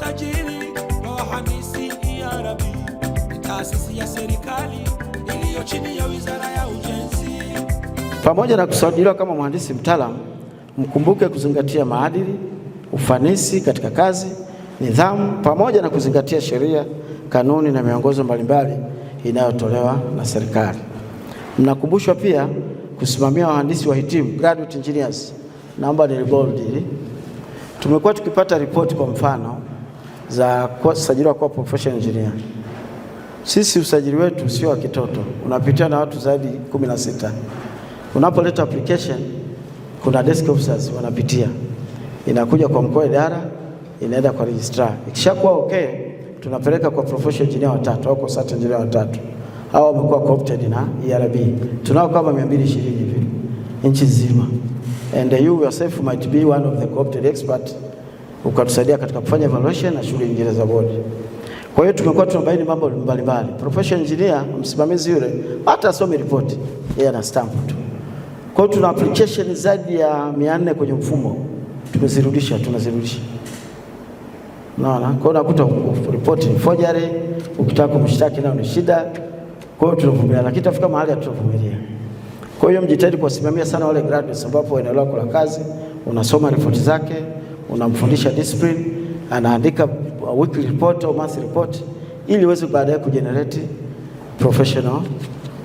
usajili ERB ni taasisi ya serikali iliyo chini ya Wizara ya Ujenzi. Pamoja na kusajiliwa kama mhandisi mtaalamu, mkumbuke kuzingatia maadili, ufanisi katika kazi, nidhamu, pamoja na kuzingatia sheria, kanuni na miongozo mbalimbali inayotolewa na serikali. Mnakumbushwa pia kusimamia wahandisi hitimu graduate engineers, naomba nilibold hili. Tumekuwa tukipata ripoti, kwa mfano za kusajiliwa kuwa professional engineer. Sisi usajili wetu sio wa kitoto, unapitia na watu zaidi kumi na sita. Unapoleta application, kuna desk officers wanapitia, inakuja kwa mkuu idara, inaenda kwa registrar. Ikishakuwa okay, tunapeleka kwa professional engineer watatu au consultant engineer watatu, hao wamekuwa co-opted na ERB. Tunao kama 220 hivi nchi nzima, and you yourself might be one of the co-opted expert ukatusaidia katika kufanya evaluation na shughuli nyingine za bodi. Kwa hiyo tumekuwa tunabaini mambo mbalimbali. Professional engineer msimamizi yule hata asome ripoti, yeye ana stamp tu. Kwa hiyo tuna application zaidi ya 400 kwenye mfumo, tumezirudisha tunazirudisha. Naona, kwa hiyo nakuta ripoti ni forgery, ukitaka kumshtaki nao ni shida. Kwa hiyo tunavumilia, lakini tafika mahali hatutavumilia. Kwa hiyo mjitahidi kuwasimamia sana wale graduates ambapo eneo lako la kazi unasoma ripoti zake unamfundisha discipline, anaandika weekly report au monthly report ili uweze baadaye kujenerate professional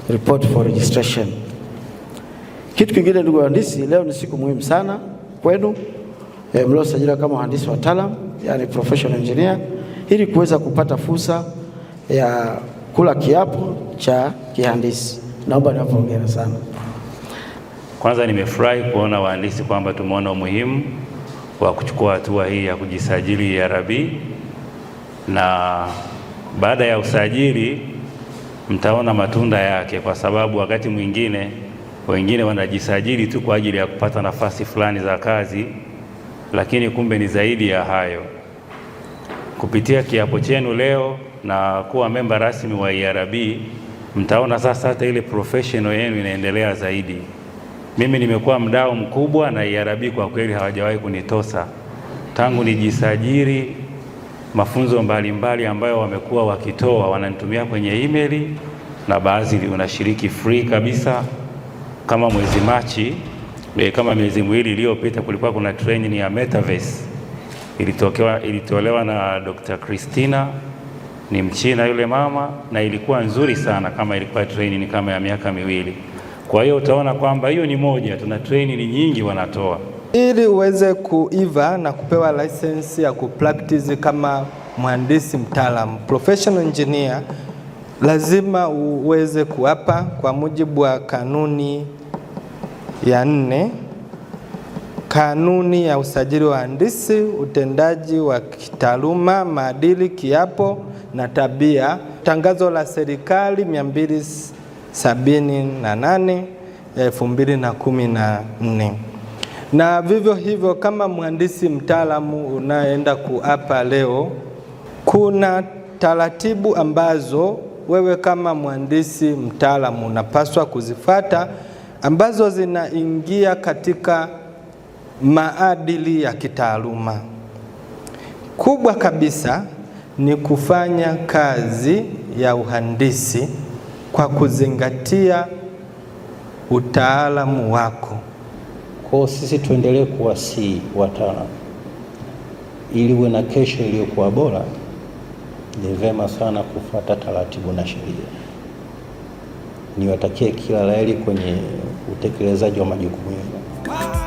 report for registration. Kitu kingine, ndugu wahandisi, leo ni siku muhimu sana kwenu e, mliosajiliwa kama wahandisi wataalam, yani professional engineer, ili kuweza kupata fursa ya kula kiapo cha kihandisi. Naomba niwapongeze sana. Kwanza nimefurahi kuona wahandisi kwamba tumeona umuhimu kwa kuchukua hatua hii ya kujisajili ERB, na baada ya usajili mtaona matunda yake, kwa sababu wakati mwingine wengine wanajisajili tu kwa ajili ya kupata nafasi fulani za kazi, lakini kumbe ni zaidi ya hayo. Kupitia kiapo chenu leo na kuwa memba rasmi wa ERB, mtaona sasa hata ile professional yenu inaendelea zaidi. Mimi nimekuwa mdau mkubwa na IRB e kwa kweli hawajawahi kunitosa tangu nijisajili. Mafunzo mbalimbali mbali ambayo wamekuwa wakitoa wananitumia kwenye email, na baadhi unashiriki free kabisa. Kama mwezi Machi, eh, kama miezi miwili iliyopita, kulikuwa kuna training ya metaverse ilitokewa, ilitolewa na Dr. Christina ni Mchina yule mama, na ilikuwa nzuri sana kama ilikuwa training kama ya miaka miwili. Kwa hiyo utaona kwamba hiyo ni moja, tuna training nyingi wanatoa ili uweze kuiva na kupewa license ya kupractice kama mhandisi mtaalamu professional engineer, lazima uweze kuapa kwa mujibu wa kanuni ya nne, kanuni ya usajili wa wahandisi, utendaji wa kitaaluma, maadili, kiapo na tabia, tangazo la serikali 200 78 ya 2014. Na vivyo hivyo kama mhandisi mtaalamu unayeenda kuapa leo, kuna taratibu ambazo wewe kama mhandisi mtaalamu unapaswa kuzifata ambazo zinaingia katika maadili ya kitaaluma. Kubwa kabisa ni kufanya kazi ya uhandisi kwa kuzingatia utaalamu wako. Kwa sisi tuendelee kuwasii wataalamu ili uwe na kesho iliyokuwa bora. Ni vema sana kufuata taratibu na sheria. Niwatakie kila laheri kwenye utekelezaji wa majukumu yenu.